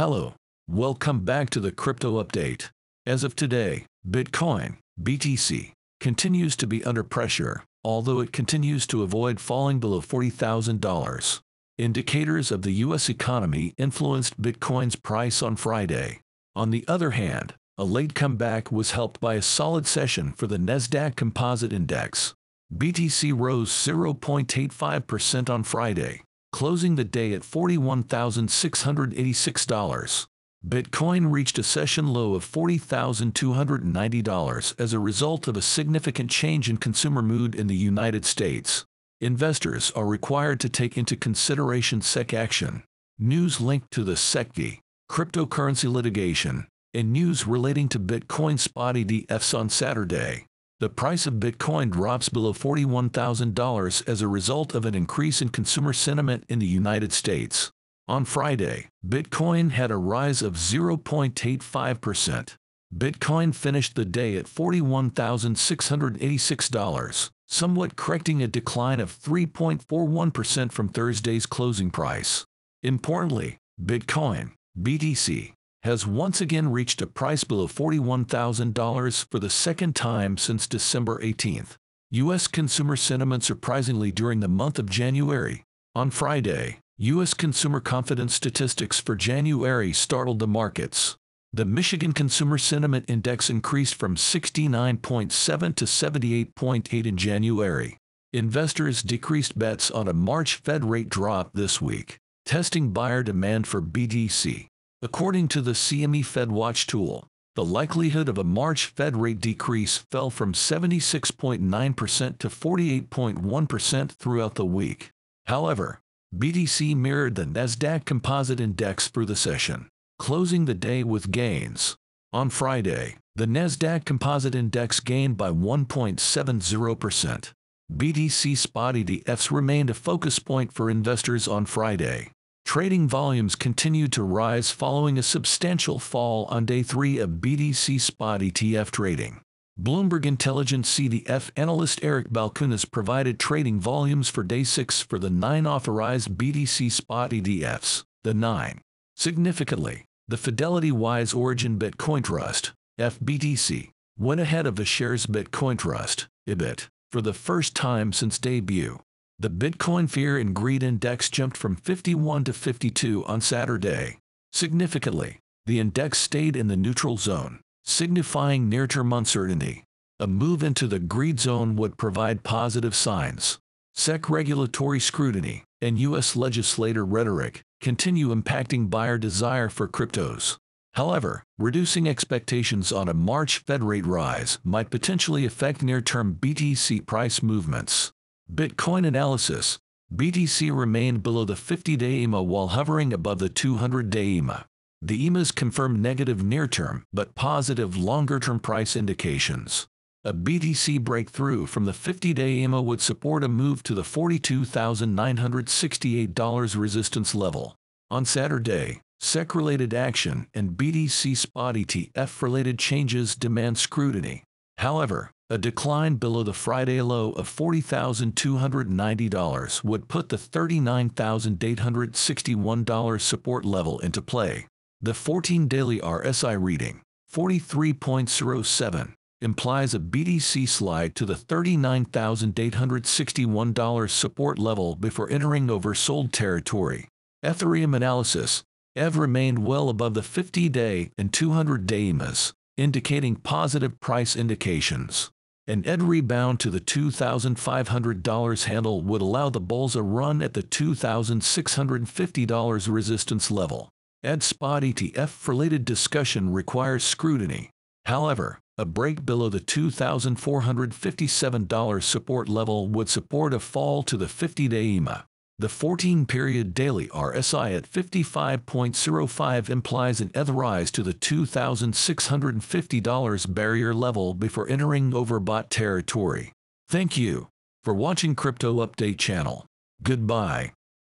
Hello. Welcome back to the crypto update. As of today, Bitcoin, BTC, continues to be under pressure, although it continues to avoid falling below $40,000. Indicators of the U.S. economy influenced Bitcoin's price on Friday. On the other hand, a late comeback was helped by a solid session for the NASDAQ Composite Index. BTC rose 0.85% on Friday, closing the day at $41,686. Bitcoin reached a session low of $40,290 as a result of a significant change in consumer mood in the United States. Investors are required to take into consideration SEC action, news linked to the SEC, cryptocurrency litigation, and news relating to Bitcoin spot ETFs on Saturday. The price of Bitcoin drops below $41,000 as a result of an increase in consumer sentiment in the United States. On Friday, Bitcoin had a rise of 0.85%. Bitcoin finished the day at $41,686, somewhat correcting a decline of 3.41% from Thursday's closing price. Importantly, Bitcoin, BTC, has once again reached a price below $41,000 for the second time since December 18th. U.S. consumer sentiment surprisingly during the month of January. On Friday, U.S. consumer confidence statistics for January startled the markets. The Michigan Consumer Sentiment Index increased from 69.7 to 78.8 in January. Investors decreased bets on a March Fed rate drop this week, testing buyer demand for BDC. According to the CME Fed Watch tool, the likelihood of a March Fed rate decrease fell from 76.9% to 48.1% throughout the week. However, BTC mirrored the NASDAQ Composite Index through the session, closing the day with gains. On Friday, the NASDAQ Composite Index gained by 1.70%. BTC spot ETFs remained a focus point for investors on Friday trading volumes continued to rise following a substantial fall on day three of BTC spot ETF trading. Bloomberg Intelligence CDF analyst Eric Balkunas provided trading volumes for day six for the nine authorized BTC spot ETFs, the nine. Significantly, the Fidelity Wise Origin Bitcoin Trust, FBTC, went ahead of the shares Bitcoin Trust, IBIT, for the first time since debut. The Bitcoin Fear and Greed Index jumped from 51 to 52 on Saturday. Significantly, the index stayed in the neutral zone, signifying near-term uncertainty. A move into the greed zone would provide positive signs. SEC regulatory scrutiny and U.S. legislator rhetoric continue impacting buyer desire for cryptos. However, reducing expectations on a March Fed rate rise might potentially affect near-term BTC price movements. Bitcoin analysis. BTC remained below the 50-day EMA while hovering above the 200-day EMA. The EMAs confirm negative near-term but positive longer-term price indications. A BTC breakthrough from the 50-day EMA would support a move to the $42,968 resistance level. On Saturday, SEC-related action and BTC spot ETF-related changes demand scrutiny. However, a decline below the Friday low of $40,290 would put the $39,861 support level into play. The 14 daily RSI reading, 43.07, implies a BTC slide to the $39,861 support level before entering oversold territory. Ethereum analysis, EV remained well above the 50-day and 200-day EMAs, indicating positive price indications. An Ed rebound to the $2,500 handle would allow the Bulls a run at the $2,650 resistance level. ED spot ETF-related discussion requires scrutiny. However, a break below the $2,457 support level would support a fall to the 50-day EMA. The 14-period daily RSI at 55.05 implies an rise to the $2,650 barrier level before entering overbought territory. Thank you for watching Crypto Update channel. Goodbye.